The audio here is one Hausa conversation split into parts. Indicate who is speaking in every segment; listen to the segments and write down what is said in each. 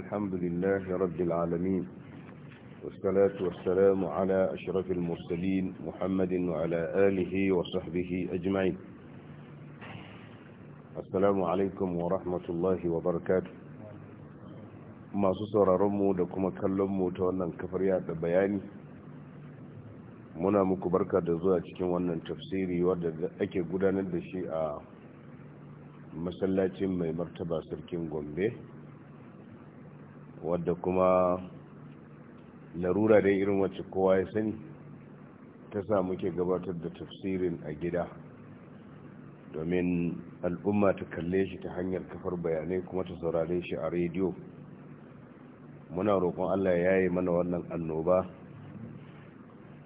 Speaker 1: الحمد لله رب العالمين والصلاة والسلام على أشرف المرسلين محمد وعلى آله وصحبه أجمعين السلام عليكم ورحمة الله وبركاته masu sauraronmu da kuma kallonmu ta wannan kafar da bayani muna muku barka da zuwa cikin wannan tafsiri wadda ake gudanar da shi a masallacin mai martaba sarkin gombe wadda kuma larura dai irin wacce kowa ya sani ta sa muke gabatar da tafsirin a gida domin al'umma ta kalle shi ta hanyar kafar bayanai kuma ta saurare shi a rediyo muna roƙon allah ya yi mana wannan annoba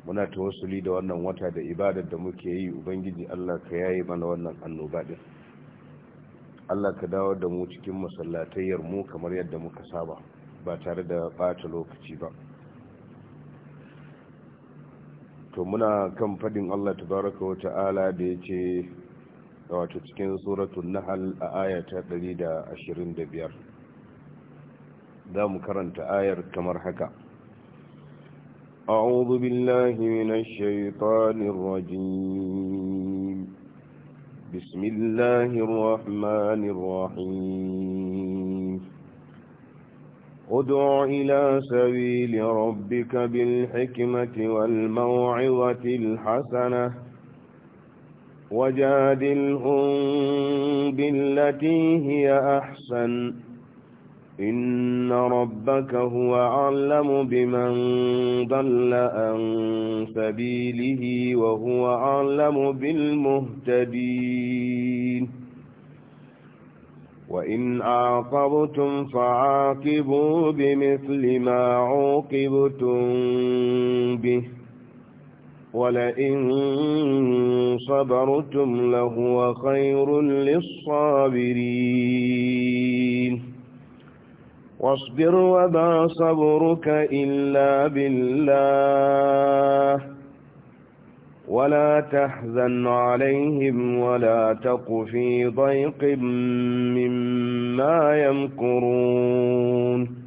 Speaker 1: muna tawassuli da wannan wata da ibadar da muke yi ubangiji allah ka yayi mana wannan annoba ɗin allah ka dawo da mu cikin masallatayyar mu kamar yadda muka saba ba tare da bata lokaci ba to muna kan fadin Allah tabaraka wa ta'ala da yace wato cikin suratul nahl a aya ta 125 za mu karanta ayar kamar haka أعوذ بالله من الشيطان الرجيم بسم الله الرحمن ادع إلى سبيل ربك بالحكمة والموعظة الحسنة وجادلهم بالتي هي أحسن إن ربك هو أعلم بمن ضل عن سبيله وهو أعلم بالمهتدين وإن عاقبتم فعاقبوا بمثل ما عوقبتم به ولئن صبرتم لهو خير للصابرين واصبر وما صبرك إلا بالله ولا تحزن عليهم ولا تق في ضيق مما يمكرون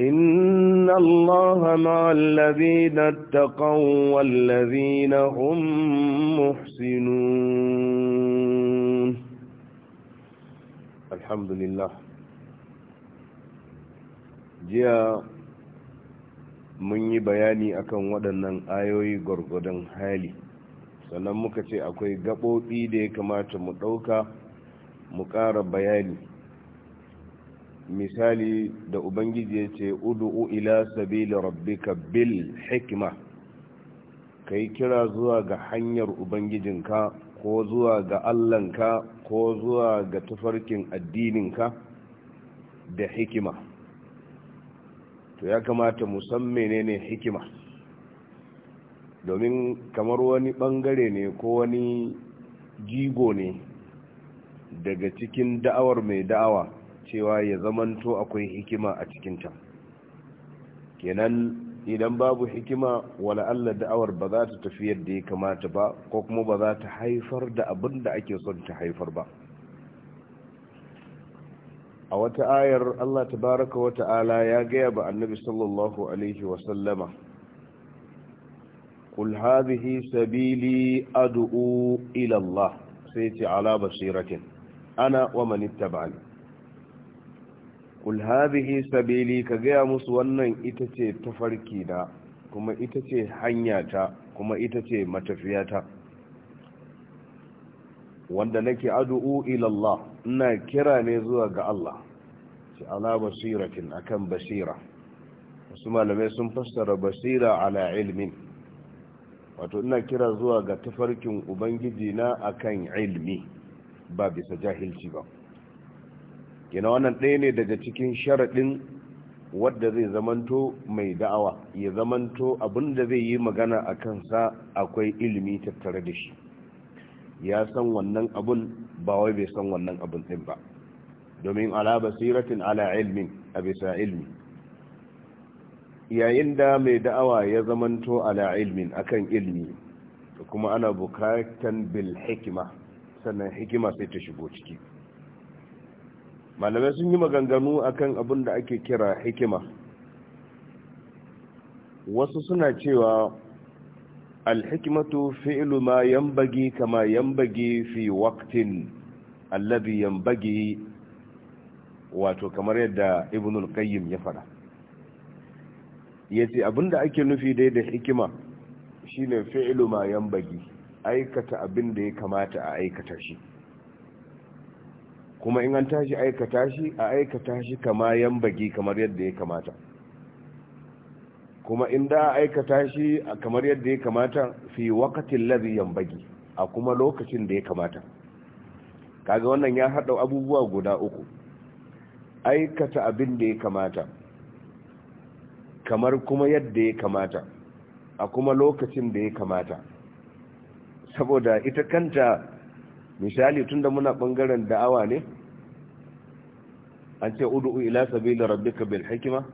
Speaker 1: إن الله مع الذين اتقوا والذين هم محسنون الحمد لله جاء mun yi bayani akan waɗannan ayoyi gwargwadon hali sannan muka ce akwai gaɓoɓi da ya kamata mu ɗauka mu ƙara bayani misali da ubangiji ya ce udu'u ila sabili rabbika bil hikima ka yi kira zuwa ga hanyar ubangijinka ko zuwa ga allanka ko zuwa ga tafarkin addininka da hikima to ya kamata musamman ne ne hikima domin kamar wani bangare ne ko wani gigo ne daga cikin da'awar mai da'awa cewa ya zamanto akwai hikima a cikinta kenan idan babu hikima wala Allah da'awar ba za ta tafi yadda ya kamata ba ko kuma ba za ta haifar da abin da ake son ta haifar ba a wata ayar Allah tabaraka wa ta'ala ya gaya ba annabi sallallahu alaihi wa sallama Kul hadhihi sabili ad'u ila Allah sai ce ala basiratin ana wa man ittaba'ani Kul hadhihi sabili ka gaya musu wannan ita ce tafarki da kuma ita ce hanyata kuma ita ce matafiyata wanda nake ad'u ila Allah ina kira ne zuwa ga Allah shi ala basiratin akan basira wasu malamai sun fassara basira ala ilmin wato ina kira zuwa ga tafarkin ubangiji na akan ilmi ba bisa jahilci ba kina wannan ɗaya ne daga cikin sharaɗin wadda zai zamanto mai da'awa ya zamanto abinda zai yi magana a kansa akwai ilimi tattare da shi ya san wannan abun ba wai bai san wannan abun din ba domin ala basiratin ala ilmin a bisa ilmi yayin da mai da'awa ya zamanto ala ilmin akan ilmi kuma ana bukatan bil hikima sannan hikima sai ta shigo ciki malamai sun yi maganganu akan abun da ake kira hikima wasu suna cewa الحكمة فعل ما ينبغي كما ينبغي في وقت الذي ينبغي wato kamar yadda ibnul qayyim ya Ya ce abinda ake nufi dai da hikima shine fi'lu ma yanbaghi aikata abinda ya kamata a aikata shi kuma in an tashi aikata shi a aikata shi kama yanbaghi kamar yadda ya kamata kuma in da aikata shi kamar yadda ya kamata fi wakatin ladhi bagi a kuma lokacin da ya kamata kaga wannan ya haɗa abubuwa guda uku aikata abin da ya kamata kamar kuma yadda ya kamata a kuma lokacin da ya kamata saboda ita kanta misali tun da muna ɓangaren da'awa ne an ce udu'u ila da rabbika bil hikima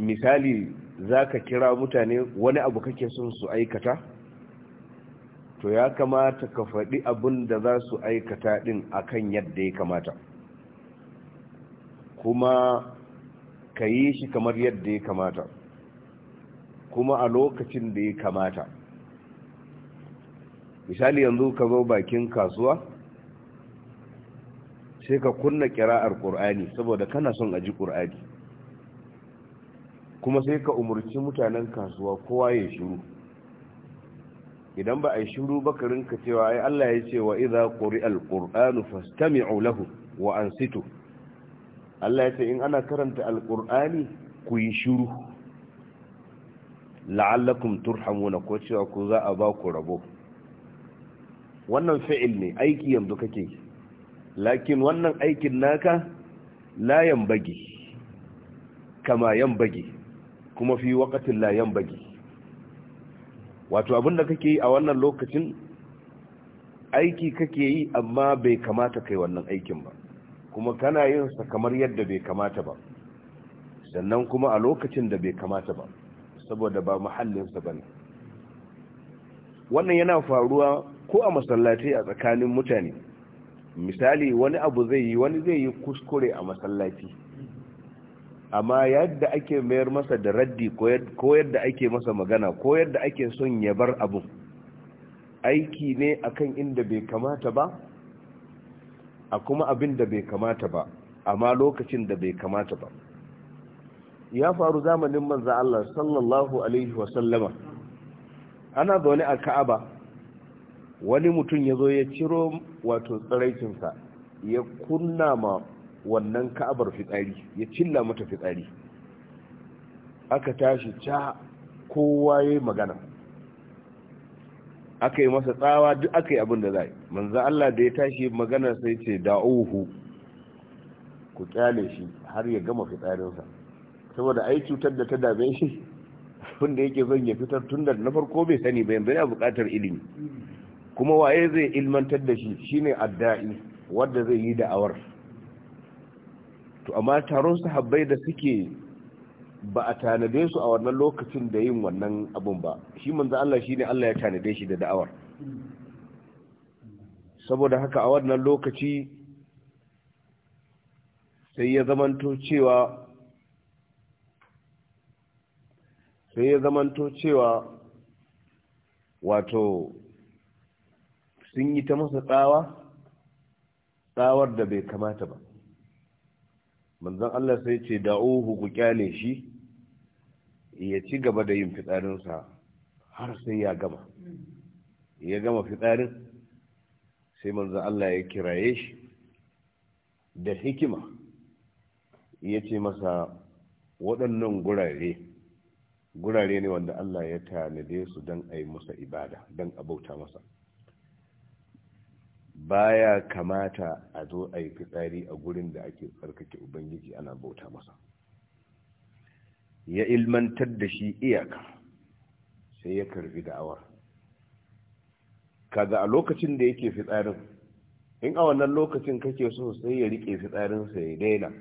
Speaker 1: misali za ka kira mutane wani abu kake son su aikata to ya kamata ka faɗi abin da za su aikata ɗin akan yadda ya kamata kuma ka yi shi kamar yadda ya kamata kuma a lokacin da ya kamata misali yanzu ka zo bakin kasuwa sai ka kunna kira'ar ƙur'ani saboda kana son a ji ƙur'ani kuma sai ka umarci mutanen kasuwa kowa ya shiru idan ba a yi shiru bakarin ka cewa ai Allah ya ce wa idza quri'a alqur'anu fastami'u lahu wa ansitu Allah ya ce in ana karanta alqur'ani ku yi shiru la'allakum turhamuna ko cewa ku za a ba ku rabo wannan fi'il ne aiki yanzu kake lakin wannan aikin naka la yambagi kama yambagi kuma fi wakatin layan bagi wato abin da kake yi a wannan lokacin aiki kake yi amma bai kamata kai wannan aikin ba kuma kana yin sa kamar yadda bai kamata ba sannan kuma a lokacin da bai kamata ba saboda ba muhallinsa ba ne wannan yana faruwa ko a masallaci a tsakanin mutane misali wani abu zai yi wani zai yi kuskure a masallaci amma yadda ake mayar masa da raddi ko yadda ake masa magana ko yadda ake son ya bar abu aiki ne akan inda bai kamata ba a kuma abin da bai kamata ba amma lokacin da bai kamata ba ya faru zamanin manza Allah sallallahu alaihi wasallama ana zaune a ka'aba wani mutum ya zo ya ciro wato tsiraicinsa ya kunna ma wannan ka'abar fitsari ya cilla mata fitsari aka tashi ta kowa ya magana aka yi masa tsawa duk aka yi abin da za yi manzan Allah da ya tashi magana sai ce da'uhu ku kyale shi har ya gama fitsarinsa saboda ai cutar da ta dame shi da yake zan ya fitar tun da na farko bai sani bayan bai bukatar ilimi kuma waye zai ilmantar da shi shine adda'i wanda zai yi da'awar to amma taron sahabbai da suke ba a tanade su a wannan lokacin da yin wannan abun ba shi manzo Allah shine Allah ya tanade shi da da'awar saboda haka a wannan lokaci sai ya zamanto cewa sai ya zamanto cewa wato sun yi ta masa tsawa tsawar da bai kamata ba manzon Allah sai ce da'uhu ku kyale shi ya ci gaba da yin fitsarinsa har sai ya gama ya gama fitsarin sai manzon Allah ya kiraye shi da hikima ya ce masa waɗannan gurare gurare ne wanda Allah ya tanade su don a yi musa ibada don a masa baya kamata a zo a yi fitsari a gurin da ake tsarkake ubangiji ana bauta masa ya ilmantar da shi iyaka sai ya karbi da'awar kaga a lokacin da yake fitsarin in a wannan lokacin kake so sai ya rike fitsarin sa ya daina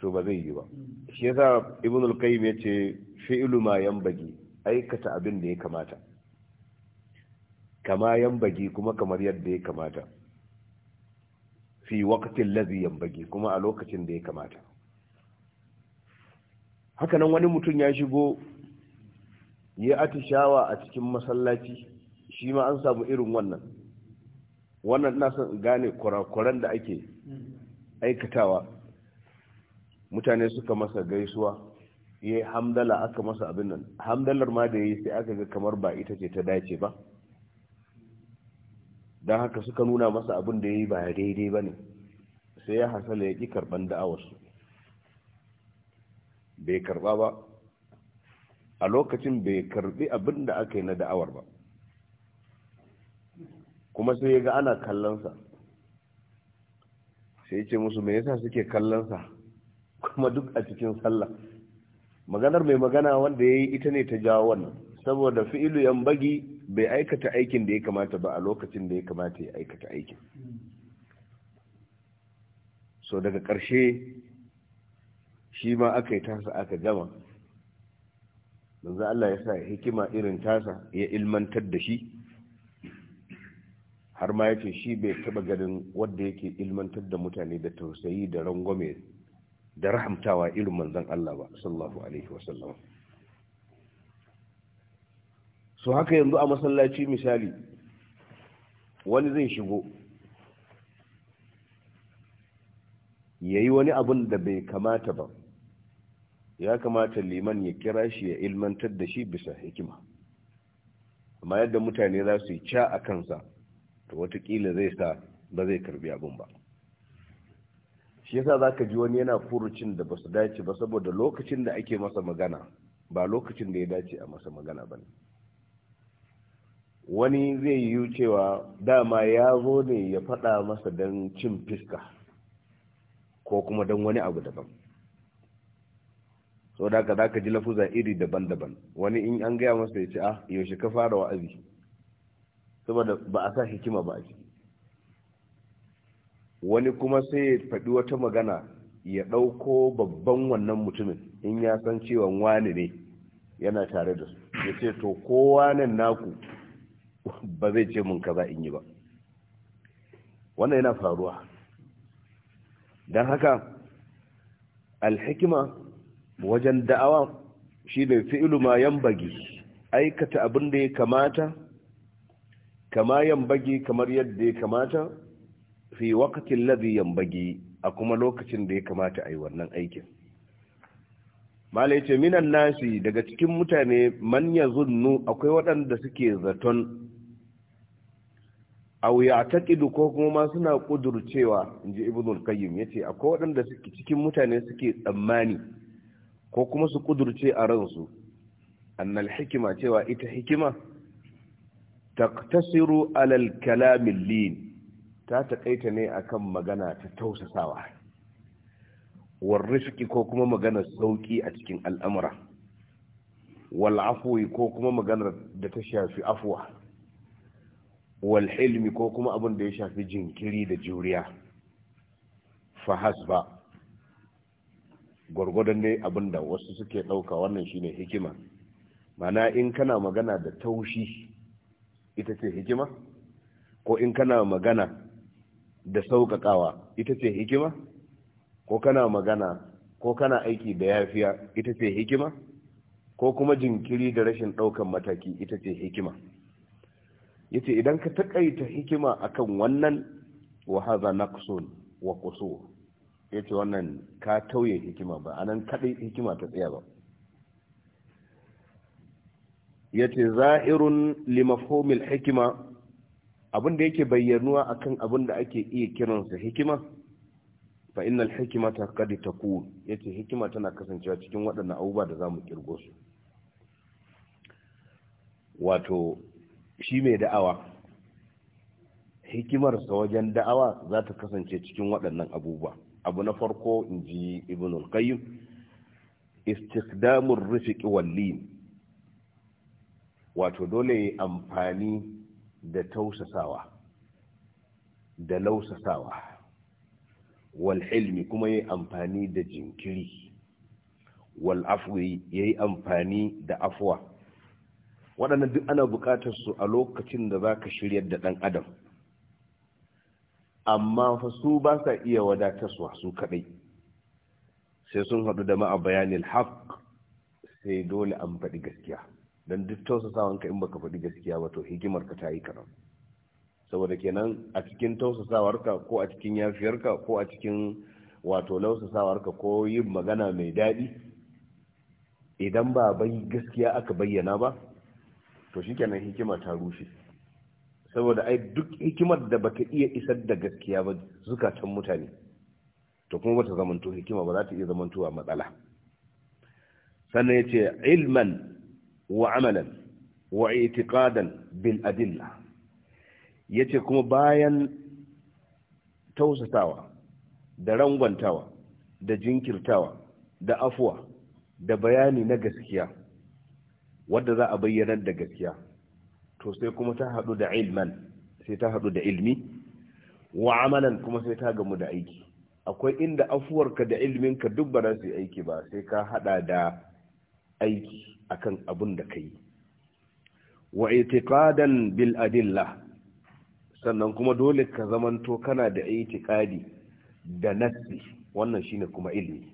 Speaker 1: to ba zai yi ba shi yasa ibn al-qayyim yace fi'lu ma yanbaghi aikata abin da ya kamata kama bagi kuma kamar yadda ya kamata fi lazi 'yan yambagi kuma a lokacin da ya kamata hakanan wani mutum ya shigo ya shawa a cikin masallaci shi ma an samu irin wannan wannan na son gane kurakuran da ake aikatawa mutane suka masa gaisuwa ya yi hamdala aka masa abin nan hamdalar ma da ya yi sai aka ga kamar ba ita ce ta dace ba don haka suka nuna masa abin da ya yi ba daidai ba ne sai ya hasala ya ƙi karɓar da'awarsu bai karɓa ba a lokacin bai karɓi abin da aka yi na da'awar ba kuma sai ya ga ana kallonsa sai ce musu me yasa suke kallonsa kuma duk a cikin sallah maganar mai magana wanda ya yi ita ne ta jawo wannan saboda fi'ilu yan bagi bai aikata aikin da ya kamata ba a lokacin da ya kamata ya aikata aikin so daga ƙarshe shi ma aka yi tasa aka gama manzo Allah ya sa hikima irin tasa ya ilmantar da shi har ma ya ce shi bai taba ganin wadda yake ilmantar da mutane da tausayi da rangwame da rahamtawa irin manzan Allah ba sallallahu alaihi wasallam su haka yanzu a masallaci misali wani zai shigo ya yi wani abin da bai kamata ba ya kamata liman ya kira shi ya ilmantar da shi bisa hikima amma yadda mutane za su yi ca a kansa to watakila zai sa ba zai karbi abin ba shi yasa za ka ji wani yana furucin da ba su dace ba saboda lokacin da ake masa magana ba lokacin da ya dace a masa magana ba ne wani zai yi cewa dama ya zo ne ya faɗa masa don cin fiska ko kuma don wani abu daban So da ka za ji lafuza iri daban-daban wani in an gaya masa ya ce ah yaushe ka fara wa'azi saboda ba a sa hikima ba a ciki wani kuma sai ya faɗi wata magana ya ɗauko babban wannan mutumin in ya san cewa wani ne yana tare da su ya ce to kowa nan naku ba zai ce mun kaza in yi ba wannan yana faruwa don haka alhikima wajen da'awa shi ne fi'ilu ma bagi aikata abin da ya kamata kama bagi kamar yadda ya kamata fi wakatin lazi bagi a kuma lokacin da ya kamata a yi wannan aikin malai minan nasi daga cikin mutane man ya zunnu akwai waɗanda suke zaton aw ya'taqidu ko kuma ma suna kudurcewa inji ibnul qayyim yace akwai waɗanda suke cikin mutane suke tsammani ko kuma su kudurce a ransu annal hikima cewa ita hikima taktasiru alal kalamin lin ta taƙaita ne akan magana ta tausasawa warrifiki ko kuma magana sauki a cikin wal afwi ko kuma magana da ta shafi afuwa wal hilmi ko kuma abin da ya shafi jinkiri da juriya fahas ba gwargwadon ne abin da wasu suke ɗauka wannan shine hikima mana in kana magana da taushi ita ce hikima ko in kana magana da sauƙaƙawa ita ce hikima ko kana magana ko kana aiki da yafiya ita ce hikima ko kuma jinkiri da rashin ɗaukan mataki ita ce hikima yace idan ka takaita hikima akan wannan wa hadha naqsun wa qusur yace wannan ka tauye hikima ba anan kadai hikima ta tsaya ba yace zahirun li mafhumil hikima abin da yake bayyanuwa akan abin da ake iya kiransa hikima fa innal hikimata qad takun yace hikima tana kasancewa cikin waɗannan abubuwa da zamu kirgo su wato shi mai da'awa hikimarsa wajen da'awa za ta kasance cikin waɗannan abubuwa abu na farko in ji ibn al-qayyim istikdamun rufiƙi wallin wato dole ya amfani da tausasawa da lausasawa walhilmi kuma ya amfani da jinkiri wal'afwi ya yi amfani da afuwa waɗannan duk ana buƙatar su a lokacin da za ka shiryar da ɗan adam amma fa su ba sa iya wadatarwa su kaɗai sai sun haɗu da ma'a bayanin haƙ sai dole an faɗi gaskiya don duk tausasawanka in baka faɗi gaskiya ba to hikimar ka ta yi karam saboda kenan a cikin tausasawarka ko a cikin yafiyarka ko a cikin wato lausasawarka ko yin magana mai daɗi idan ba bai gaskiya aka bayyana ba to shikenan hikima ta rushe saboda ai duk hikimar da baka iya isar da gaskiya ba zukatan mutane to kuma bata zamanto hikima ba za ta iya zamantowa matsala sannan ya ce ilman wa amalan wa itiqadan bil adilla ya ce kuma bayan tausatawa da rangwantawa da jinkirtawa da afuwa da bayani na gaskiya Wanda za a bayyanar da gaskiya to sai kuma ta haɗu da ilman sai ta haɗu da ilmi wa amalan kuma sai ta gamu da aiki akwai inda afuwarka da ilminka duk ba aiki ba sai ka haɗa da aiki akan abun da ka yi wa itiqadan bil adillah sannan kuma dole ka zamanto kana da itiqadi da nassi wannan shine kuma ilmi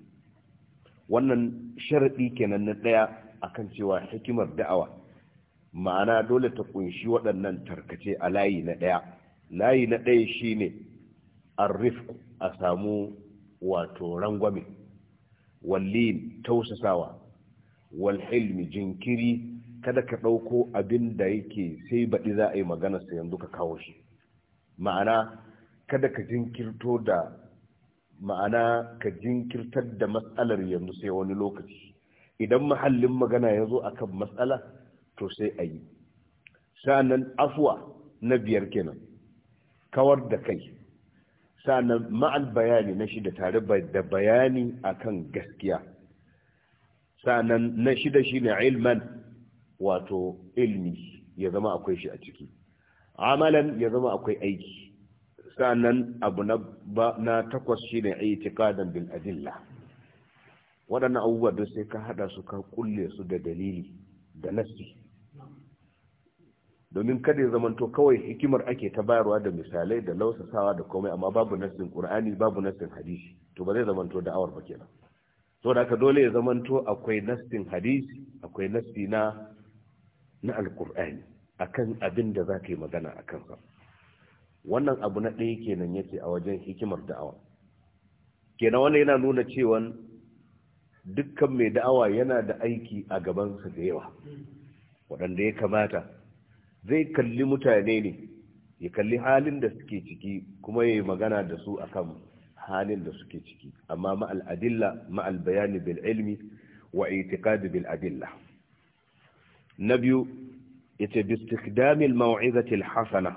Speaker 1: wannan sharadi kenan na daya akan cewa hikimar da'awa ma'ana dole ta kunshi waɗannan tarkace a layi na ɗaya layi na ɗaya shine arrifku a samu wato rangwame wallin tausasawa walhilmi jinkiri kada ka ɗauko abin da yake sai baɗi za a yi maganarsa yanzu ka kawo shi ma'ana kada ka jinkirto da ma'ana ka jinkirtar da matsalar yanzu sai wani lokaci idan mahallin magana ya zo a kan matsala to sai a yi sa'annan afuwa na biyar kenan kawar da kai sa'annan ma'al bayani na shida tare da bayani akan gaskiya sa'annan na shida shine ilman wato ilmi ya zama akwai shi a ciki amalan ya zama akwai aiki sa'annan abu na takwas shine i'tiqadan bil adilla waɗannan abubuwa don sai ka haɗa su ka kulle su da dalili da nassi domin kada ya zamanto kawai hikimar ake ta bayarwa da misalai da lausasawa da komai amma babu nassin ƙur'ani, babu nassin hadisi to ba zai zamanto da'awar ba kenan so da aka dole ya zamanto akwai nassin hadisi akwai nassi na na a akan abin da za ka yi magana a kansa wannan abu na ɗaya kenan yace a wajen hikimar da'awa kenan wannan yana nuna cewa dukkan mai da'awa yana da aiki a gabansa da yawa waɗanda ya kamata zai kalli mutane ne ya kalli halin da suke ciki kuma ya yi magana da su akan halin da suke ciki amma ma'al adilla ma'al bayani bil ilmi wa itiqadi bil adilla na biyu yace bi istikdami al maw'izati al hasana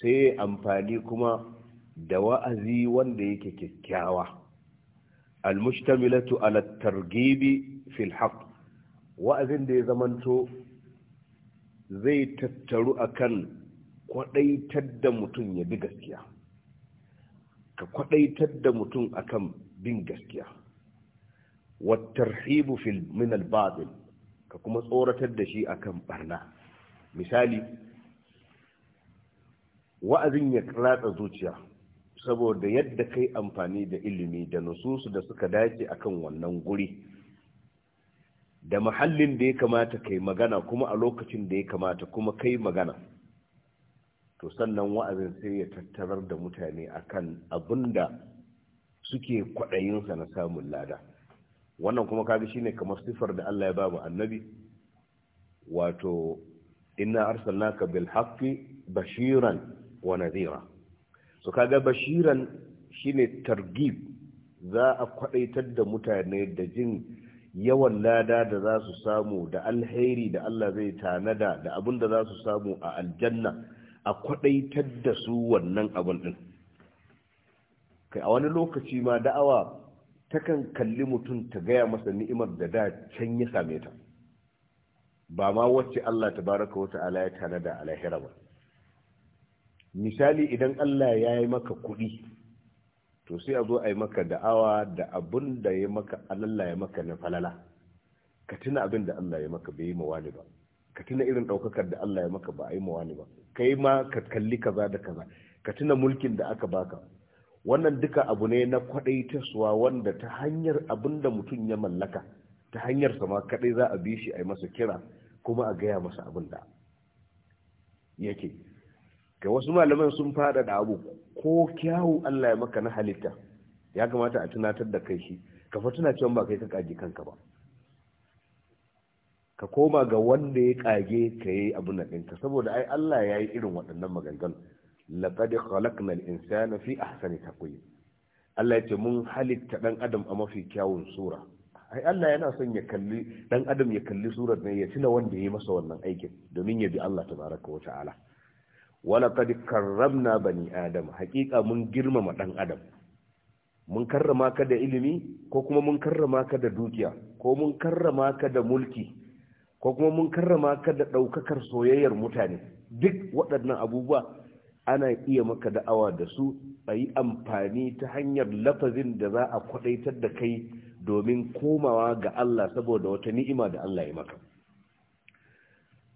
Speaker 1: sai amfani kuma da wa'azi wanda yake kyakkyawa المشتملة على الترغيب في الحق وأذن دي زمانتو زي تترو أكن كودي تد متن يبغسكيا كودي تد متن أكن بنقسيا والترحيب في من الباطل كما صورة الدشي أكن برنا مثالي وأذن يكرات زوجيا saboda yadda kai amfani da ilimi da nususu da suka dace akan wannan guri da muhallin da ya kamata kai magana kuma a lokacin da ya kamata kuma kai magana to sannan wa'azin sai ya tattarar da mutane akan abin da suke kwaɗayinsa na samun lada wannan kuma kaga shine kamar siffar da Allah ya babu annabi wato Ina arsalnaka bil haqqi bashiran wa nadhira so kaga bashiran shine targib za a kwadaitar da mutane da jin yawan lada da za su samu da alheri da Allah zai tanada da abin da za su samu a aljanna a kwadaitar da su wannan abin din kai a wani lokaci ma da'awa takan kalli mutum ta gaya masa ni'imar da da can ya same ta ba ma wacce Allah tabaraka wata ala ya tanada a lahira ba misali idan Allah ya yi maka kuɗi to sai a zo a yi maka da'awa da abin da ya maka Allah ya maka na falala ka tuna abin da Allah ya maka bai yi mawani ba ka tuna irin ɗaukakar da Allah ya maka ba a yi mawani ba kai ma ka kalli kaza da kaza ka tuna mulkin da aka baka wannan duka abu ne na taswa wanda ta hanyar abin da mutum ya mallaka ta hanyar sama kaɗai za a bi shi a yi masa kira kuma a gaya masa abin da yake ga wasu malaman sun faɗaɗa abu ko kyawu Allah ya maka na halitta ya kamata a tunatar da kai shi ka fa tuna cewa ba kai ka kage kanka ba ka koma ga wanda ya kage ka yi abin na ɗinka saboda ai Allah ya yi irin waɗannan maganganu laqad khalaqnal insana fi ahsani taqwim Allah ya ce mun halitta dan adam a mafi kyawun sura ai Allah yana son ya kalli dan adam ya kalli surar ne ya tuna wanda ya yi masa wannan aikin domin ya bi Allah tabaraka wa ta'ala Wala karram karramna bani adam haƙiƙa mun girmama ɗan adam mun karrama ka da ilimi ko kuma mun karrama ka da dukiya ko mun karrama ka da mulki ko kuma mun karrama ka da ɗaukakar soyayyar mutane duk waɗannan abubuwa ana iya maka da'awa da su a yi amfani ta hanyar lafazin da za a kwaɗaitar da kai domin komawa ga Allah saboda wata ni'ima da Allah ya maka.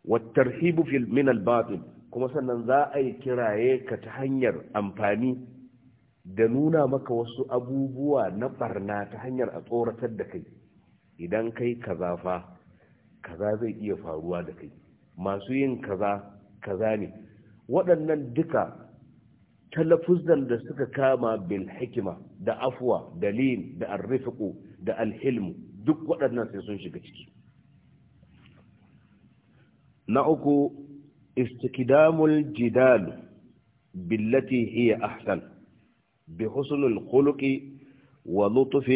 Speaker 1: Wattar fil min al-batil kuma sannan za a yi kiraye ka ta hanyar amfani da nuna maka wasu abubuwa na barna ta hanyar a tsoratar da kai idan kai kaza fa kaza zai iya faruwa da kai masu yin kaza kaza ne waɗannan duka talafuzan da suka kama bil hikima da afwa da lin da arrifiku da alhilmu duk waɗannan sai sun shiga ciki na uku استقدام الجدال بالتي هي أحسن بحسن الخلق ولطف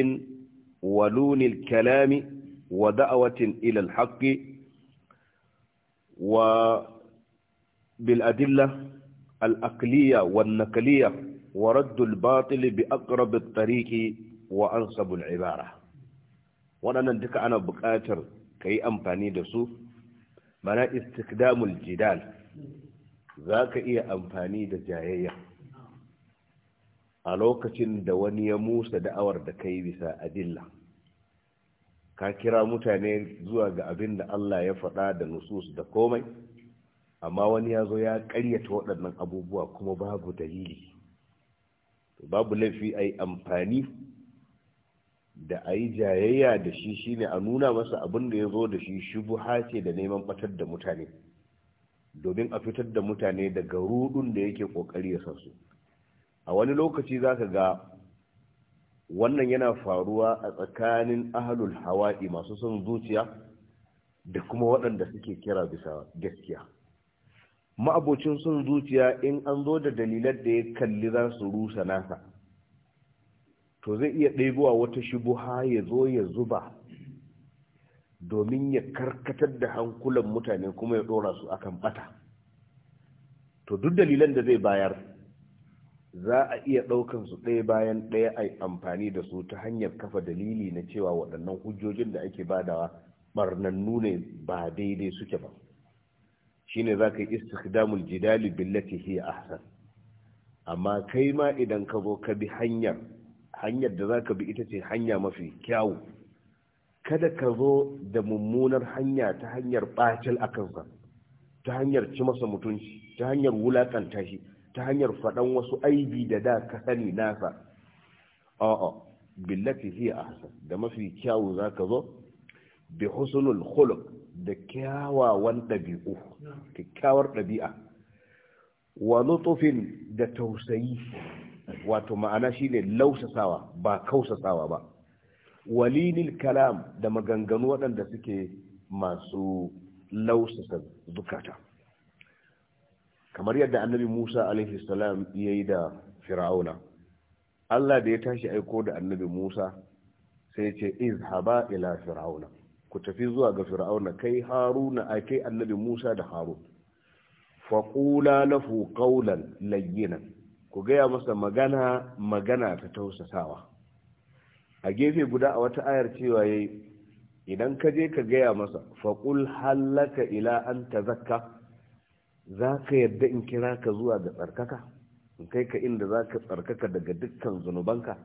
Speaker 1: ولون الكلام ودعوة إلى الحق وبالأدلة الأقلية والنقلية ورد الباطل بأقرب الطريق وأنصب العبارة وأنا ندك أنا بكاتر كي أمفاني دسوف mana istikdamul jidal za ka iya amfani da jayayya a lokacin da wani ya musa da'awar da kai bisa adilla ka kira mutane zuwa ga abin da Allah ya faɗa da nusus da komai amma wani ya zo ya ƙaryata waɗannan abubuwa kuma babu dalili babu laifi a yi amfani da a yi jayayya da shi shine a nuna masa abin da ya zo da shi buha ce da neman batar da mutane domin a fitar da mutane daga rudun da yake kokari ya san su a wani lokaci za ka ga wannan yana faruwa a tsakanin ahalul hawa'i masu son zuciya da kuma waɗanda suke kira bisa gaskiya ma'abocin son zuciya in an zo da dalilan da ya kalli za su rusa nasa to zai iya ɗaiguwa wata shubuha ya zo ya zuba domin ya karkatar da hankulan mutane kuma ya ɗora su akan bata to duk dalilan da zai bayar za a iya ɗaukan su ɗaya bayan ɗaya a amfani da su ta hanyar kafa dalili na cewa waɗannan hujjojin da ake badawa barnannu ne ba daidai suke ba shine za ka yi istikdamul jidali billati hiya ahsan amma kai ma idan ka zo ka bi hanyar hanyar da za ka bi ita ce hanya mafi kyawu kada ka zo da mummunar hanya ta hanyar ɓacal a kansa ta hanyar ci masa mutunci ta hanyar wulaƙanta shi ta hanyar faɗan wasu aibi da da ka sani nasa a'a billati hiya ahsan da mafi kyawu za ka zo bi husnul khuluq da kyawawan ɗabi'u kyakkyawar ɗabi'a wa lutufin da tausayi wato ma'ana shine lausasawa ba kausasawa ba walinil kalam da maganganu waɗanda suke masu lausasa zukata kamar yadda annabi musa alaihi salam ya yi da fir'auna allah da ya tashi aiko da annabi musa sai ce ce izhaba ila fir'auna ku tafi zuwa ga fir'auna kai haruna a kai annabi musa da harun faƙula lahu qawlan layyinan ku gaya masa magana magana ta tausasawa a gefe guda a wata ayar cewa yayi idan ka je ka gaya masa faƙul hallaka ila an ta zakka za ka yadda in kira ka zuwa ga tsarkaka in kai ka inda za ka tsarkaka daga dukkan zunubanka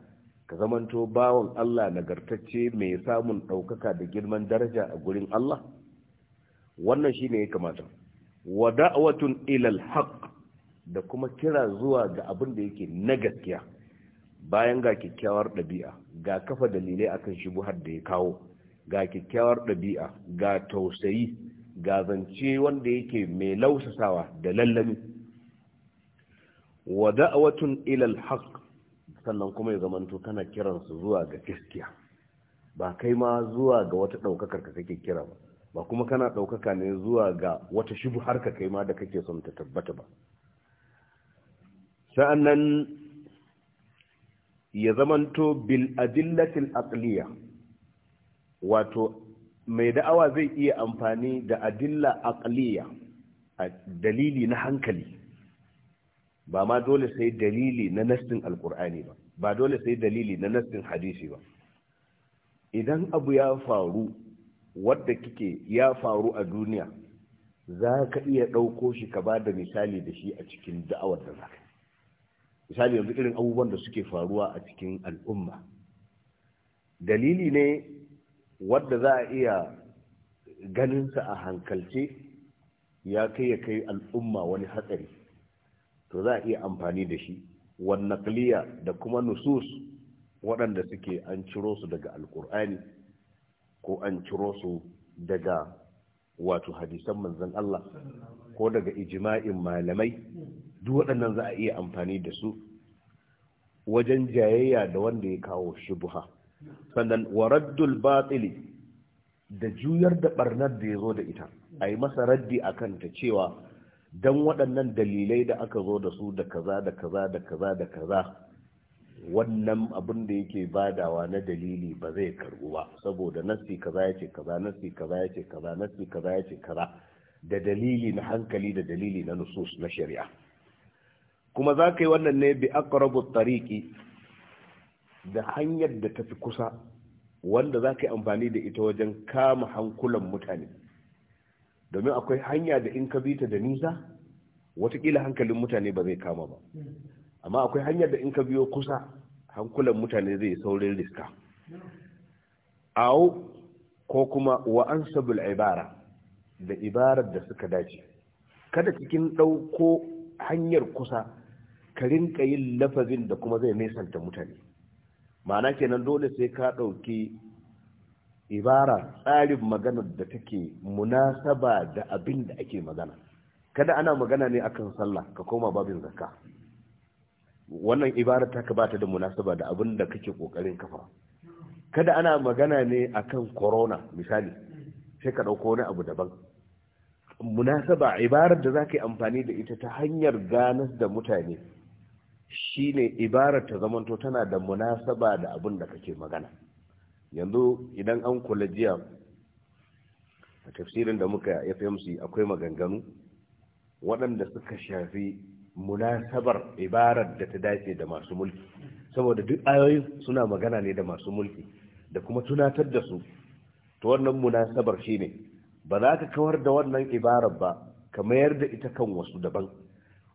Speaker 1: ka zamanto bawon Allah nagartacce mai samun ɗaukaka da girman daraja a gurin Allah wannan shi ne ya kamata wa da'watun ilal haqq da kuma kira zuwa ga abin da yake na gaskiya bayan ga kyakkyawar ɗabi'a ga kafa dalilai akan shubuhar da ya kawo ga kyakkyawar ɗabi'a ga tausayi ga zance wanda yake mai lausasawa da lallami wa da'awatun ilal haq sannan kuma ya zamanto kana kiransu zuwa ga gaskiya ba kai ma zuwa ga wata ɗaukakar ka kake kira ba ba kuma kana ɗaukaka ne zuwa ga wata shubuhar ka kai ma da kake son ta tabbata ba sa'annan ya zamanto bil adillatil aqliya wato mai da'awa zai iya amfani da adilla aqliya dalili na hankali ba ma dole sai dalili na nassin Alƙur'ani ba ba dole sai dalili na nassin hadisi ba idan abu ya faru wadda kike ya faru a duniya za ka iya ɗauko shi ka ba da misali da shi a cikin da'awar da za ka misali yanzu irin abubuwan da suke faruwa a cikin al'umma dalili ne wadda za a iya ganinsa a hankalce ya kai ya kai al'umma wani hatsari to za a iya amfani da shi wannan da kuma nusus waɗanda suke an ciro su daga alkur'ani ko an ciro su daga wato hadisan manzon Allah ko daga ijima'in malamai duk waɗannan za a iya amfani da su wajen jayayya da wanda ya kawo shubuha sannan waraddul batili da juyar da barnar da ya zo da ita a yi masa raddi a kanta cewa don waɗannan dalilai da aka zo da su da kaza da kaza da kaza da kaza wannan abin da yake badawa na dalili ba zai karbu ba saboda nassi kaza ya ce kaza nassi kaza ya ce kaza nassi kaza ya ce kaza da dalili na hankali da dalili na nusus na shari'a kuma za ka yi wannan ne bi aqrabu tariqi da hanyar da ta fi kusa wanda za ka yi amfani da ita wajen kama hankulan mutane domin akwai hanya da in ka bi ta da nisa watakila hankalin mutane ba zai kama ba amma akwai hanyar da in ka biyo kusa hankulan mutane zai yi saurin riska au ko kuma wa an ibara da ibarar da suka dace kada cikin ɗauko hanyar kusa ka rinka yin lafazin da kuma zai nesanta mutane ma'ana kenan dole sai ka ɗauki ibara tsarin magana da take munasaba da abin da ake magana kada ana magana ne akan sallah ka koma babin zakka wannan ibara ta bata da munasaba da abin da kake kokarin kafa kada ana magana ne akan corona misali sai ka ɗauko wani abu daban munasaba ibarar da za ka yi amfani da ita ta hanyar ganar da mutane Shi ne ibarar ta zamanto tana da munasaba da abin da kake magana yanzu idan an kula jiya a tafsirin da muka FMC akwai maganganu waɗanda suka shafi munasabar ibarar da ta dace da masu mulki saboda duk ayoyin suna magana ne da masu mulki da kuma tunatar da su ta wannan munasabar shine ba za ka kawar da wannan ibarar ba ka mayar da ita kan wasu daban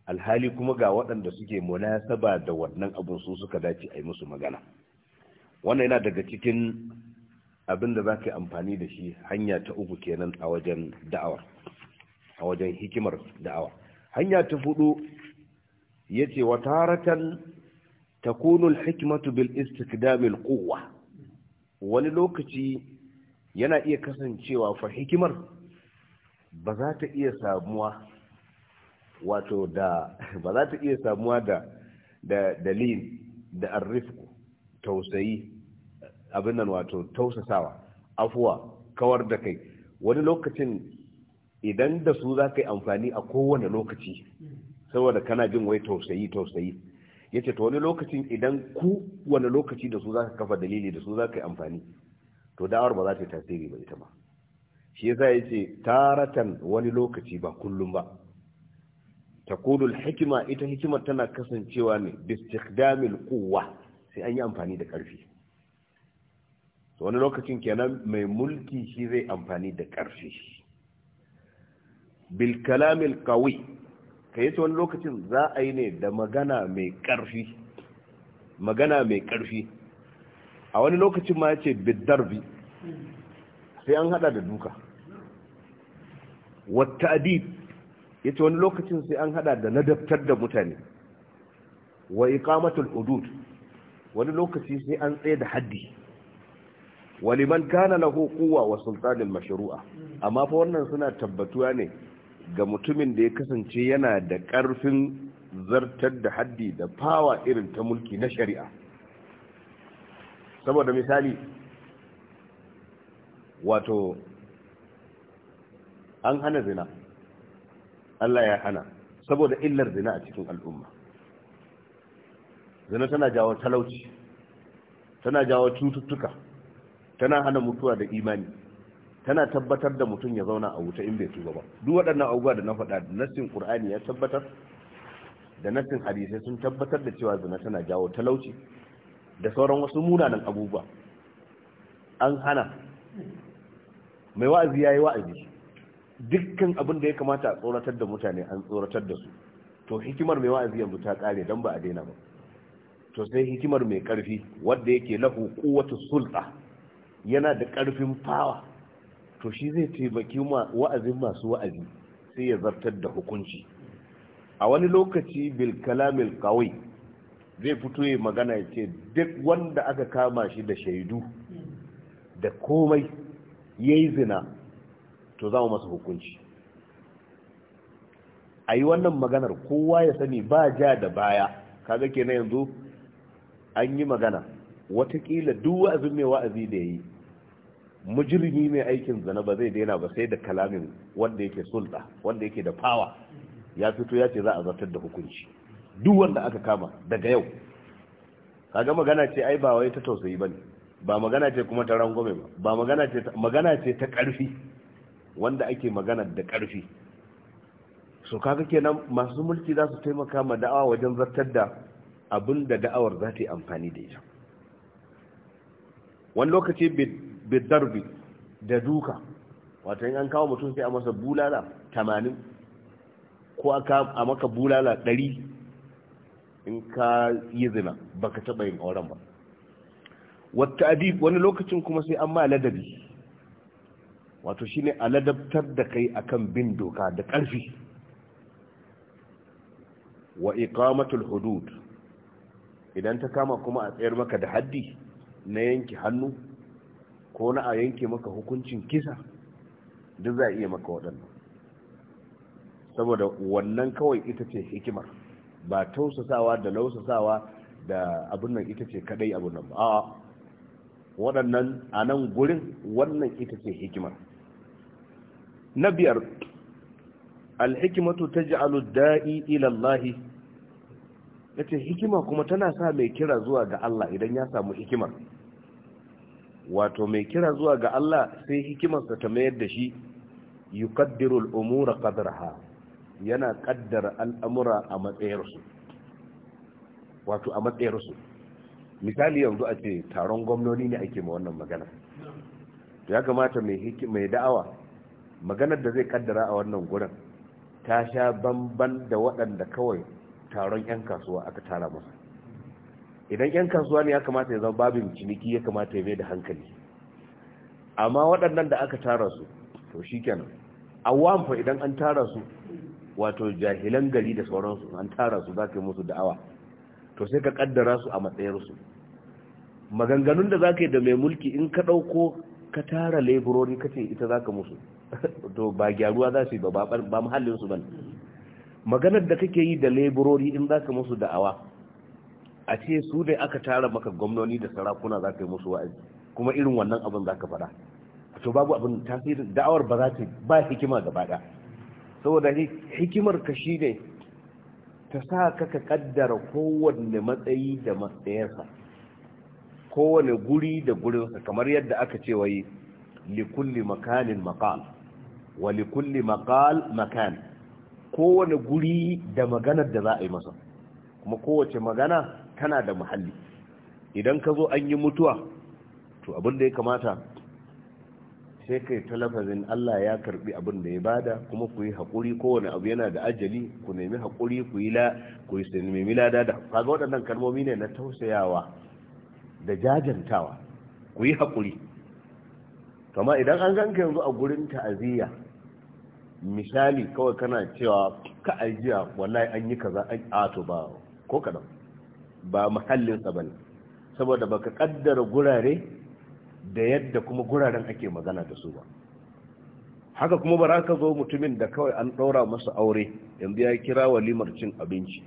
Speaker 1: alhali kuma ga waɗanda suke munasaba da wannan abun su suka dace a yi musu magana wannan yana daga cikin abin da za ka yi amfani da shi hanya ta uku kenan a wajen da'awa a wajen hikimar da'awa hanya ta fudu ya ce wa taratan takunul hikimatu bil istikdamil Kowa. wani lokaci yana iya kasancewa fa hikimar ba za ta iya samuwa wato da ba za ta iya samuwa da dalil da arrifku tausayi abin nan wato tausasawa afuwa kawar da kai wani lokacin idan da su za ka yi amfani a kowane lokaci saboda kana jin wai tausayi tausayi ya ce ta wani lokacin idan ku wani lokaci da su za ka kafa dalili da su za ka yi amfani to da'awar ba za ta yi tasiri ba ita ba shi yasa ya ce taratan wani lokaci ba kullum ba taqulu hikima ita hikima tana kasancewa ne bi istikdamil quwwa sai an yi amfani da karfi to wani lokacin kenan mai mulki shi zai amfani da karfi bil kalamil qawi kai wani lokacin za a yi ne da magana mai karfi magana mai karfi a wani lokacin ma yace sai an hada da duka wa ta'dib ya ce wani lokacin sai an hada da ladabtar da mutane wa iqamatul hudud wani lokaci sai an tsaye da haddi waliman kana lahu quwwa wa sultanul mashru'a amma fa wannan suna tabbatuwa ne ga mutumin da ya kasance yana da karfin zartar da haddi da fawa irin ta mulki na shari'a saboda misali wato an hana zina Allah ya hana saboda illar zina a cikin al'umma zina tana jawo talauci tana jawo cututtuka tana hana mutuwa da imani tana tabbatar da mutum ya zauna a wuta in bai tuba ba duk waɗannan abubuwa da na faɗa da nassin qur'ani ya tabbatar da nassin hadisi sun tabbatar da cewa zina tana jawo talauci da sauran wasu munanan abubuwa an hana mai wa'azi yayi wa'azi dukkan abin da ya kamata a tsoratar da mutane an tsoratar da su to hikimar mai wa'azi yanzu ta kare dan ba a daina ba to sai hikimar mai karfi wanda yake lahu quwwatu sulta yana da karfin fawa to shi zai taimaki wa'azin masu wa'azi sai ya zartar da hukunci a wani lokaci bil kalamil kawai zai fito ya magana ya ce duk wanda aka kama shi da shaidu da komai ya yi zina to za mu masa hukunci a yi wannan maganar kowa ya sani ba ja da baya kaga ke na yanzu an yi magana watakila duk wa'azin mai wa'azi da ya yi mujirmi mai aikin zana ba zai daina ba sai da kalamin wanda yake sulta wanda yake da fawa ya fito ya ce za a zartar da hukunci duk wanda aka kama daga yau kaga magana ce ai ba wai ta tausayi bane ba magana ce kuma ta rangwame ba ba magana ce magana ce ta karfi wanda ake magana da ƙarfi so kaga kenan masu mulki za su taimaka ma da'awa wajen zartar da abin da da'awar za ta yi amfani da ita wani lokaci bidarbi da duka wato yin an kawo mutum sai a masa bulala tamanin ko a maka bulala ɗari in ka yi zina baka taɓa yin auren ba wata adib wani lokacin kuma sai an ma ladabi wato shine aladabtar da kai akan bin doka da ƙarfi wa iqamatul hudud idan ta kama kuma a tsayar maka da haddi na yanke hannu ko na a yanke maka hukuncin kisa duk za a iya maka waɗannan saboda wannan kawai ita ce hikimar ba tausasawa da lausasawa da abin nan ita ce kadai abin nan ba waɗannan a nan gurin wannan ita ce hikimar na biyar alhikimatu ta ji da'i ilallahi ya ce hikima kuma tana sa mai kira zuwa ga Allah idan ya samu hikimar wato mai kira zuwa ga Allah sai hikimarsa ta mayar da shi yukaddiru al'umura qadraha yana kaddara al'amura a matsayarsu wato a matsayarsu misali yanzu a ce taron gwamnoni ne ake ma wannan magana ya kamata mai da'awa maganar da zai kaddara a wannan gurin ta sha bamban da waɗanda kawai taron 'yan kasuwa aka tara masa idan 'yan kasuwa ne ya kamata ya zama babin ciniki ya kamata ya mai da hankali amma waɗannan da aka tara su to shi kenan awam idan an tara su wato jahilan gari da sauransu an tara su za ka yi musu da'awa to sai ka kaddara su a matsayarsu maganganun da za ka yi da mai mulki in ka ɗauko ka tara laiburori ka ce ita za ka musu to ba gyaruwa za su yi ba mahallinsu ba maganar da kake yi da laborori in za ka musu da'awa a ce su ne aka tara maka gwamnoni da sarakuna za ka yi musu wa'azi kuma irin wannan abin za ka faɗa to babu abin tasirin da'awar ba za ta ba hikima gaba bada saboda hikimar ka shi ne ta sa ka ka kaddara kowanne matsayi da matsayarsa kowane guri da gurinsa kamar yadda aka ce wai likulli makalin maqal wali kulli maqal makan kowane guri da maganar da za a yi masa kuma kowace magana tana da muhalli idan ka zo an yi mutuwa to abin da ya kamata sai kai talafazin Allah ya karbi abin da ya bada kuma ku yi haƙuri kowane abu yana da ajali ku nemi haƙuri ku yi la ku yi lada da kaga waɗannan kalmomi ne na tausayawa da jajantawa ku yi haƙuri kama idan an ganka yanzu a gurin ta'aziyya misali kawai kana cewa ka ajiya wallahi an yi kaza an ato ba ko kadan ba muhallin sa bane saboda baka kaddara gurare da yadda kuma guraren ake magana da su ba haka kuma ba ka zo mutumin da kawai an ɗaura masa aure yanzu ya kira walimar cin abinci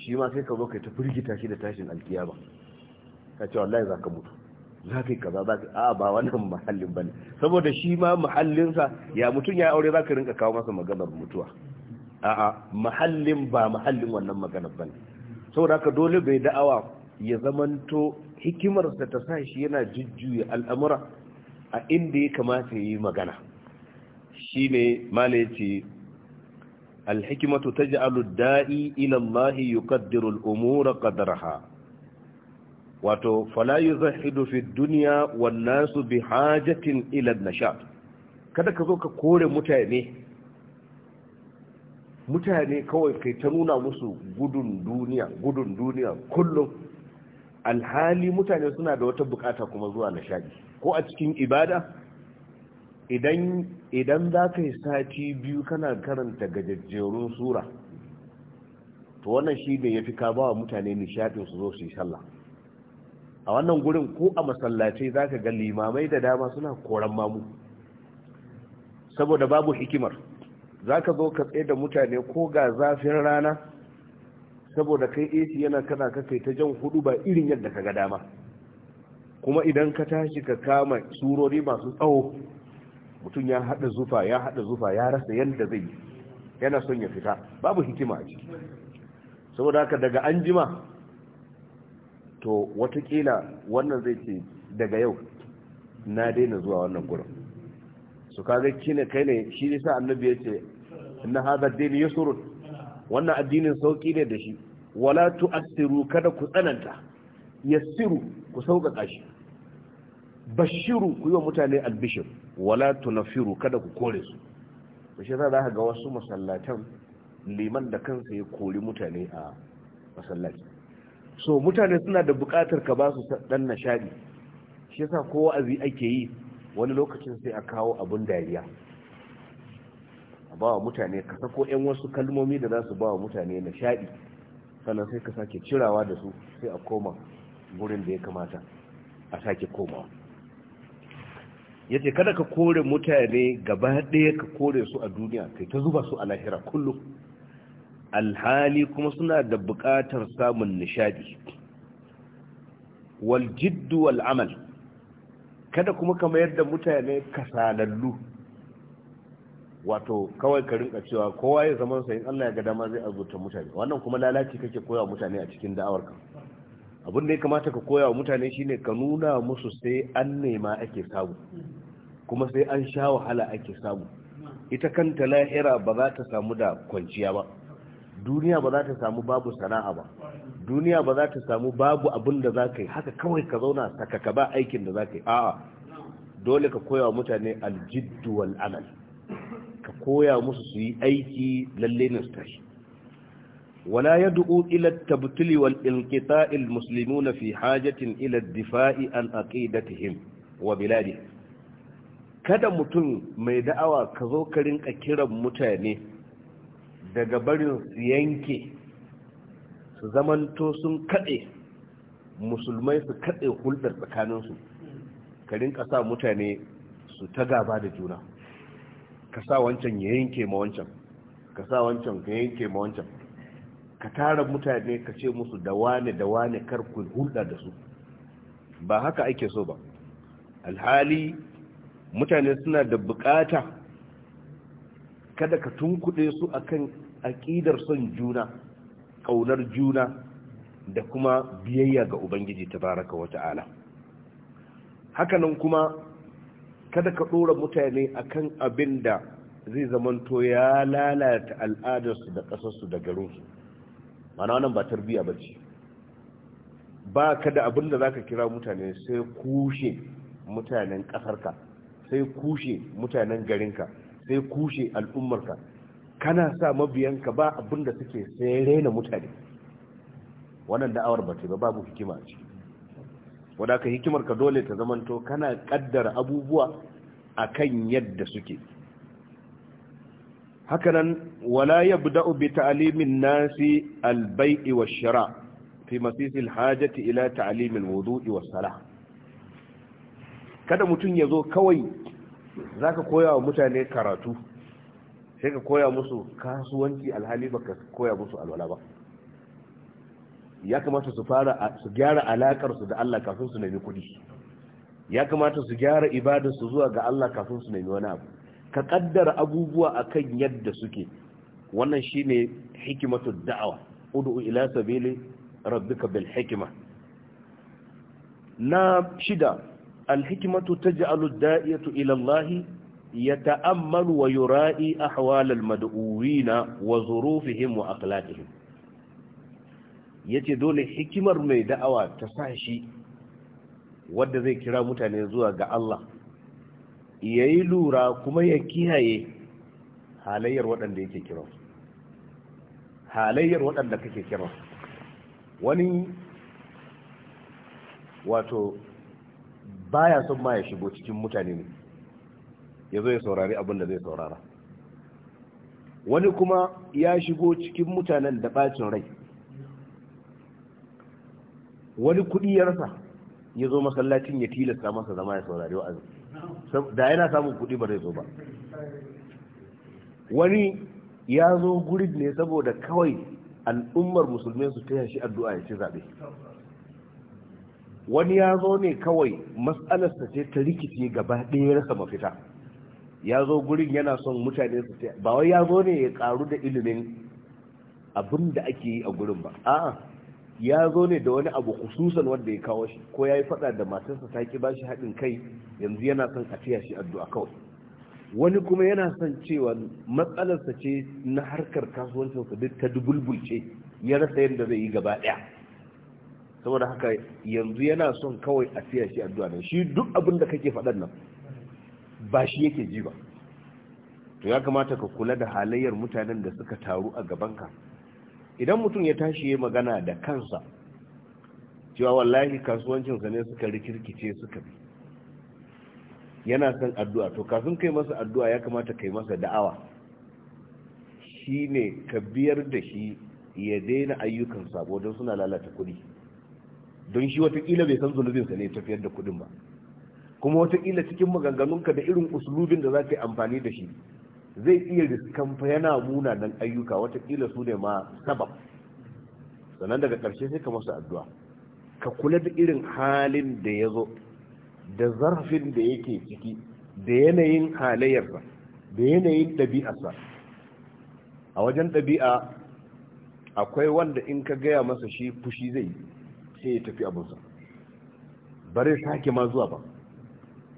Speaker 1: shi ma sai ka zo kai ta firgita shi da tashin alkiyama ka ce wallahi zaka mutu za ka yi kaza za ka a ba wannan muhallin bane saboda shi ma muhallinsa ya mutum ya aure za ka rinka kawo masa maganar mutuwa a'a muhallin ba muhallin wannan maganar bane saboda ka dole bai da'awa ya zamanto hikimarsa ta sa shi yana jujjuya al'amura a inda ya kamata yi magana shine ne yace al ta taj'alu ad-da'i ilallahi Allah yuqaddiru umura wato fala zahidu fi dunya wan nasu bi hajatin ila nashat kada ka zo ka kore mutane mutane kawai kai ta nuna musu gudun duniya gudun duniya kullum alhali mutane suna da wata bukata kuma zuwa nishadi ko a cikin ibada idan idan za ka yi sati biyu kana karanta gajajjerun sura to wannan shi ne ya fi ka ba wa mutane nishadin su zo su yi sallah a wannan gurin ko a masallaci za ka ga limamai da dama suna koran mamu saboda babu hikimar za ka zo ka tsaye da mutane ko ga zafin rana saboda kai AC yana kana kai ta jan hudu ba irin yadda ka ga dama kuma idan ka tashi ka kama surori masu tsawo mutum ya haɗa zufa ya haɗa zufa ya rasa yadda zai yana son ya fita babu hikima a ciki saboda haka daga anjima. to watakila wannan zai ce daga yau na daina zuwa wannan gurin su kaga kine kai ne shi sa annabi ya ce inna hadha din yusrun wannan addinin sauki ne da shi wala tu'assiru kada ku tsananta yassiru ku sauƙaƙa shi bashiru ku yi wa mutane albishir wala tunafiru kada ku kore su bashi za za ga wasu masallatan liman da kansa ya kori mutane a masallaci so mutane suna da buƙatar ka ba su dan nishadi shi yasa ko wa'azi ake yi wani lokacin sai a kawo abun dariya a ba wa mutane ka sako yan wasu kalmomi da za su ba wa mutane nishadi sannan sai ka sake cirawa da su sai a koma gurin da ya kamata a sake komawa ya kada ka kore mutane gaba ɗaya ka kore su a duniya kai ta zuba su a lahira kullum alhali kuma suna da buƙatar samun nishadi wal jiddu wal amal kada kuma ka mayar da mutane kasalallu wato kawai ka rinka cewa kowa ya zama sayin Allah ya ga dama zai azurta mutane wannan kuma lalaci kake koya mutane a cikin da'awar ka? abin da ya kamata ka koya mutane shine ka nuna musu sai an nema ake samu kuma sai an sha wahala ake samu ita kanta lahira ba za ta samu da kwanciya ba duniya ba za ta samu babu sana'a ba duniya ba za ta samu babu abin da za ka yi haka kawai ka zauna sakaka ba aikin da za ka yi a'a dole ka koya mutane aljiddu wal amal ka koya musu su yi aiki lalle ne su tashi wala yad'u ila at-tabtil wal inqita'il muslimuna fi hajatin ila ad-difa'i an aqidatihim wa biladihim kada mutum mai da'awa ka zo ka rinka kiran mutane daga barin su yanke su zamanto sun kaɗe musulmai su kaɗe hulɗar tsakaninsu ka rinka sa mutane su ta gaba da juna ka sa wancan ya yanke ma wancan ka sa wancan ka yanke ma wancan ka tara mutane ka ce musu da wane da wane kar ku hulɗa da su ba haka ake so ba alhali mutane suna da bukata kada ka tunkuɗe su akan aƙidar son juna ƙaunar juna da kuma biyayya ga ubangiji tabaraka wata'ala hakanan kuma kada ka ɗora mutane akan abin da zai zamanto ya lalata al'adarsu da ƙasarsu da garinsu mana wannan ba tarbiya ba ce ba ka da abin da za kira mutane sai kushe mutanen ƙasarka sai kushe mutanen garinka sai kushe al'ummarka kana sa mabiyanka ba abinda da suke sai raina mutane wannan da'awar ba ce ba babu hikima ce Wadaka hikimar ka dole ta zamanto kana kaddara abubuwa akan yadda suke hakanan wala yabda'u bi ta'limin nasi al-bai'i wash fi masisi al-hajati ila ta'lim al-wudu'i was-salah kada mutun yazo kawai zaka koya wa mutane karatu sai ka koya musu kasuwanci alhali baka koya musu alwala ba ya kamata su fara su gyara alakar su da Allah kafin su nemi kudi ya kamata su gyara ibadar su zuwa ga Allah kafin su nemi wani abu ka kaddara abubuwa akan yadda suke wannan shine hikimatu da'awa ud'u ila sabili rabbika bil hikma na shida al hikmatu taj'alu da'iyatu ila Allah ya يتأمل ويرائي أحوال المدعوين وظروفهم وأخلاقهم yace dole hikimar mai da'awa ta sa shi zai kira mutane zuwa ga Allah ya yi lura kuma ya kiyaye halayyar waɗanda yake kira halayyar waɗanda kake kira wani wato baya son ma ya shigo cikin mutane ne ya zo ya saurari abin da zai saurara wani kuma ya shigo cikin mutanen da bacin rai wani kuɗi ya rasa ya zo masallacin ya tilasta masa zama ya saurari wa'azi da yana samun kuɗi ba zai zo ba wani ya zo gurin ne saboda kawai al'ummar musulmi su taya shi addu'a ya ci zaɓe wani ya zo ne kawai matsalarsa ce ta rikice gaba ɗaya rasa mafita ya zo gurin yana son mutane su ce ba wai ya zo ne ya karu da ilimin abin da ake yi a gurin ba a'a ya zo ne da wani abu khususan wanda ya kawo shi ko ya yi fada da matarsa ta ki bashi haɗin kai yanzu yana son a tiya shi addu'a kawai wani kuma yana son cewa matsalarsa ce na harkar kasuwancinsa duk ta dubulbulce ya rasa yadda zai yi gaba ɗaya saboda haka yanzu yana son kawai a tiya shi addu'a ne shi duk abin da kake faɗan nan ba shi yake ji ba to ya kamata ka kula da halayyar mutanen da suka taru a gaban ka. idan mutum ya tashi ya magana da kansa cewa wallahi kasuwancinsa ne suka rikirkice suka bi yana son addu'a to kafin kai masa addu'a ya kamata kai masa da'awa shi ne ka biyar da shi ya daina ayyukan sabo don suna lalata kuɗi don shi watakila bai san zunubinsa ne tafiyar da kuɗin ba kuma wataƙila cikin maganganunka da irin usulubin da za ka yi amfani da shi zai iya riskan yana muna nan ayyuka wataƙila su ne ma sabab sannan daga ƙarshe sai ka masa addu'a ka kula da irin halin da ya zo da zarafin da yake ciki da yanayin halayyarsa da yanayin ɗabi'arsa a wajen ɗabi'a akwai wanda in ka gaya masa shi fushi zai sai ya tafi abinsa bare sake ma zuwa ba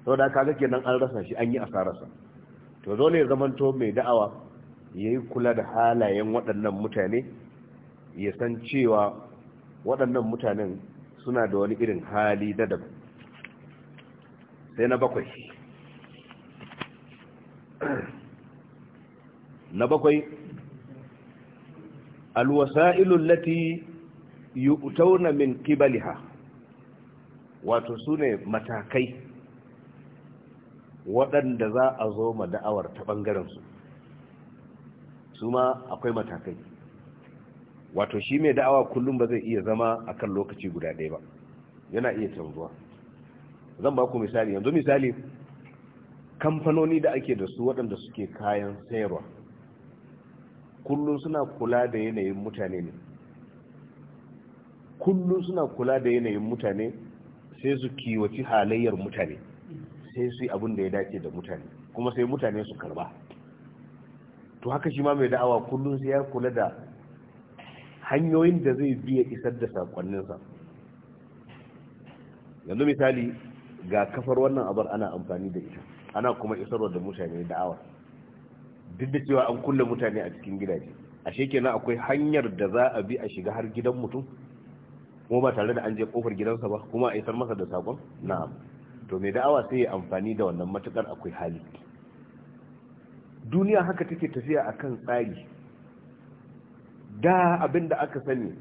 Speaker 1: sau da kaga kenan an rasa shi an yi asararsa to dole zamanto mai da'awa ya yi kula da halayen waɗannan mutane ya san cewa waɗannan mutanen suna da wani irin hali da daban sai na bakwai na bakwai alwasa'ilun lati yi min kibaliha wato su ne matakai waɗanda za a zo ma da'awar ta ɓangarensu su ma akwai matakai wato shi mai da'awa kullum ba zai iya zama a kan lokaci guda ɗaya ba yana iya canzuwa zan ba ku misali yanzu misali kamfanoni da ake da su waɗanda suke kayan sayarwa kullum suna kula da yanayin mutane ne kullum suna kula da yanayin mutane sai su kiwaci halayyar mutane sai su yi abin da ya dace da mutane kuma sai mutane su karba to haka shi ma mai da'awa kullum sai ya kula da hanyoyin da zai biya isar da sakonninsa yanzu misali ga kafar wannan abar ana amfani da ita ana kuma isarwa da mutane da'awa duk da cewa an kulle mutane a cikin gidaje ashe kenan akwai hanyar da za a bi a shiga har gidan mutum kuma ba tare da an je kofar gidansa ba kuma a isar masa da sakon na'am to mai da'awa sai ya amfani da wannan matukar akwai hali duniya haka take tafiya a kan tsari da abin da aka sani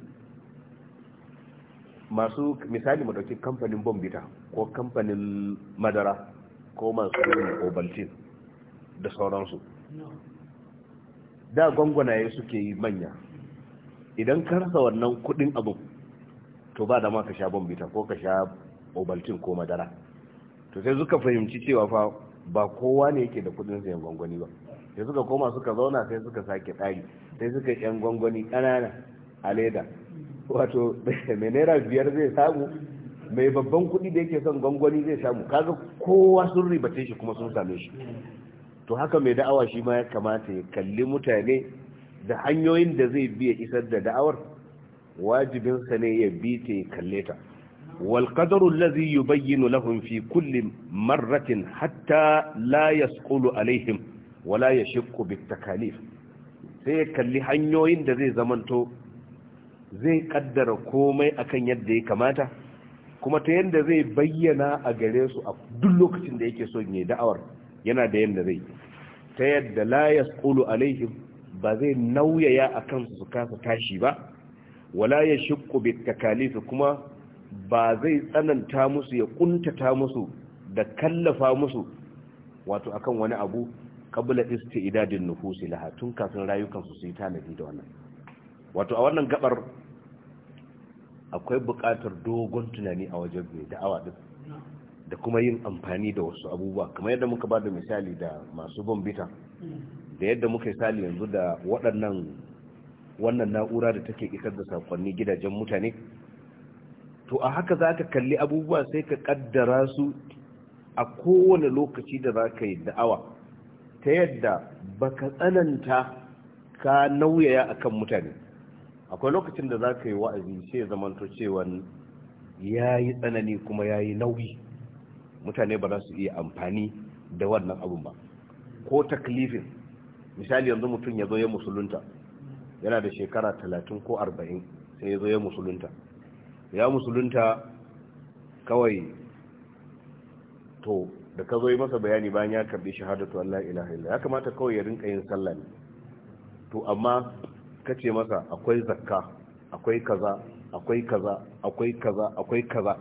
Speaker 1: masu misali madauki kamfanin bombita ko kamfanin madara ko masu obaltin da sauransu da gwangwanaye suke yi manya idan ka rasa wannan kudin abu to ba da ma ka sha bombita ko ka sha obaltin ko madara to sai suka fahimci cewa fa ba kowa ne yake da kudin sayan gwangwani ba sai suka koma suka zauna sai suka sake tsari sai suka yan gwangwani ƙanana a leda wato mai naira biyar zai samu mai babban kuɗi da yake son gwangwani zai samu kaga kowa sun ribace shi kuma sun same shi to haka mai da'awa shi ma ya kamata ya kalli mutane da hanyoyin da zai biya isar da da'awar wajibinsa ne ya bi ta ya kalle ta والقدر الذي يبين لهم في كل مرة حتى لا يسقل عليهم ولا يشق بالتكاليف sai ya kalli hanyoyin da zai zamanto zai kaddara komai akan yadda ya kamata kuma ta yadda zai bayyana a gare su a duk lokacin da yake son ya da'awar yana da yadda zai ta yadda la yasqulu alaihim ba zai nauyaya kansu su kasa tashi ba wala ya bit takalif kuma ba zai tsananta musu ya kuntata musu da kallafa musu wato akan wani abu kabula istidadin nufusi lahatun tun kafin rayukan su yi tanadi da wannan wato a wannan gabar akwai buƙatar dogon tunani a wajen mai da'awa din da kuma yin amfani da wasu abubuwa kamar yadda muka bada misali da masu bombita da yadda muka sali yanzu da waɗannan wannan na'ura da take isar da sakonni gidajen mutane to a haka za ka kalli abubuwa sai ka kaddara su a kowane lokaci da za ka yi da'awa ta yadda ba ka tsananta ka nauyaya a kan mutane akwai lokacin da za ka yi wa'azi sai zamanto cewa ya yi tsanani kuma ya yi nauyi mutane ba za su iya amfani da wannan abun ba ko taklifin misali yanzu mutum ya zo ya musulunta yana da shekara talatin ko arba'in sai ya zo ya musulunta ya musulunta kawai to da ka zo yi masa bayani bayan ya karbi shahadatu Allah ilaha illa ya kamata kawai ya rinka yin sallah ne to amma ka ce masa akwai zakka akwai kaza akwai kaza akwai kaza akwai kaza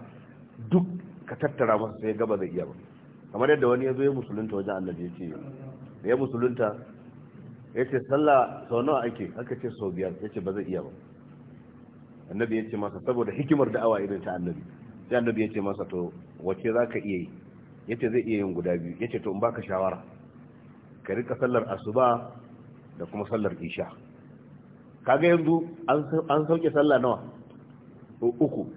Speaker 1: duk ka tattara masa sai gaba da iya ba kamar yadda wani ya zo ya musulunta wajen annabi ya ce ya musulunta ya ce sallah sau nawa ake aka ce sau biyar ya ce ba zai iya ba annabi ya ce masa saboda hikimar da'awa irin ta annabi sai annabi ya ce masa to wace za ka iya yi ya ce zai iya yin guda biyu ya ce to in baka shawara ka rika sallar asuba da kuma sallar isha kaga yanzu an sauke sallah nawa uku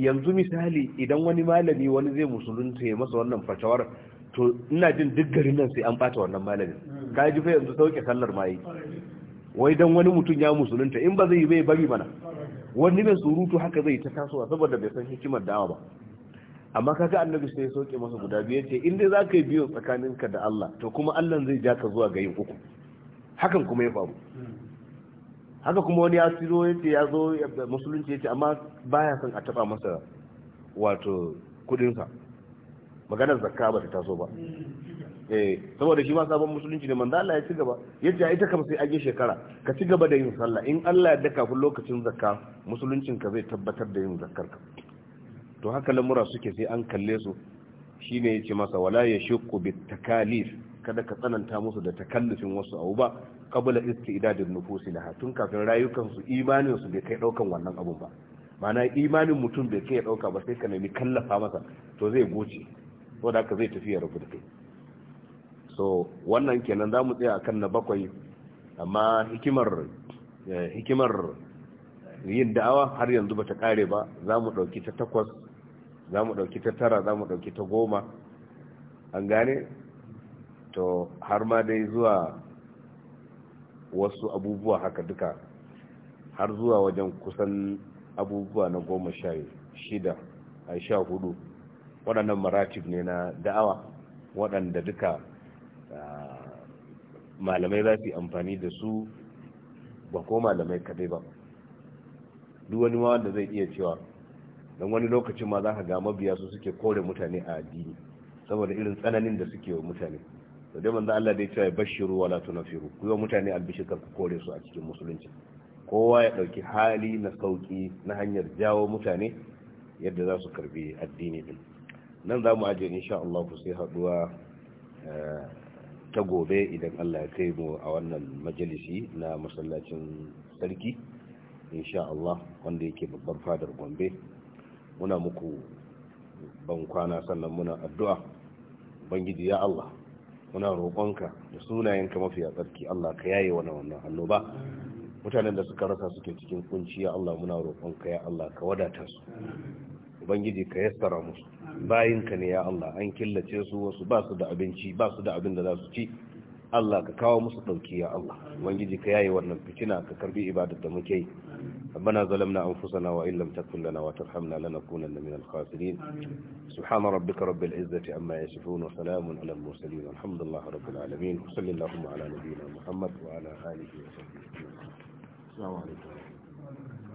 Speaker 1: yanzu misali idan wani malami wani zai musulunta ya masa wannan fatawar to ina jin duk garin nan sai an bata wannan malamin ka ji fa yanzu sauke sallar ma yi wai dan wani mutum ya musulunta in ba zai yi bai bari mana wani mai surutu haka zai ta tasowa saboda bai san hikimar dawa ba amma kaka annabi sai ya sauke masa guda biyu ce inda za ka yi biyu tsakaninka da Allah to kuma Allah zai ja ka zuwa ga yin uku hakan kuma ya faru haka kuma wani ya tiro ya ce ya zo musulunci ya ce amma baya son a taba masa wato kudinsa maganar zakka ba ta taso ba eh saboda shi ma sabon musulunci da manzo Allah ya ci gaba ita kam sai age shekara ka ci gaba da yin sallah in Allah ya da kafin lokacin zakka musuluncin ka zai tabbatar da yin zakkar ka to haka lamura suke sai an kalle su shine yace masa wala yashqu bit takalif kada ka tsananta musu da takallufin wasu abu ba qabla istidadin nufusi laha tun kafin rayukan su imanin su bai kai daukan wannan abun ba mana imanin mutum bai kai ya dauka ba sai ka nemi kallafa masa to zai goce saboda haka zai tafi ya rabu da kai To wannan kenan za mu tsaya akan na bakwai amma hikimar eh, hikimar yin da'awa har yanzu ba ta kare ba za mu ɗauki ta takwas za mu ɗauki ta tara za mu ɗauki ta goma an gane to har ma dai zuwa wasu abubuwa haka duka har zuwa wajen kusan abubuwa na goma sha shida a sha hudu waɗannan maratib ne na da'awa waɗanda duka malamai za su yi amfani da su ba ko malamai kadai ba duk wani wanda zai iya cewa don wani lokacin ma za ka ga mabiya su suke kore mutane a addini saboda irin tsananin da suke wa mutane da dai manzo Allah dai cewa ya bashiru wala tunafiru ku yi mutane albishirka ka kore su a cikin musulunci kowa ya dauki hali na sauki na hanyar jawo mutane yadda za su karbi addini din nan za mu aje insha Allah ku sai haduwa eh, ta gobe idan Allah ya kai mu a wannan majalisi na masallacin sarki insha Allah wanda yake babban fadar Gombe muna muku ban kwana sannan muna addu'a bangiji ya Allah muna roƙonka da sunayenka mafiya tsarki Allah ka yaye wannan wannan annoba mutanen da suka rasa suke cikin kunci ya Allah muna roƙonka ya Allah ka wadata su ubangiji ka yassara musu bayinka ne ya Allah an killace su wasu ba su da abinci ba su da abin da za su ci Allah ka kawo musu ɗauki ya Allah ubangiji ka yayi wannan fitina ka karbi ibadar da muke yi ربنا ظلمنا أنفسنا وإن لم تكن لنا وترحمنا لنكونن من الخاسرين سبحان ربك رب العزة عما يصفون وسلام على المرسلين الحمد لله رب العالمين وصل اللهم على نبينا محمد وعلى آله وصحبه السلام عليكم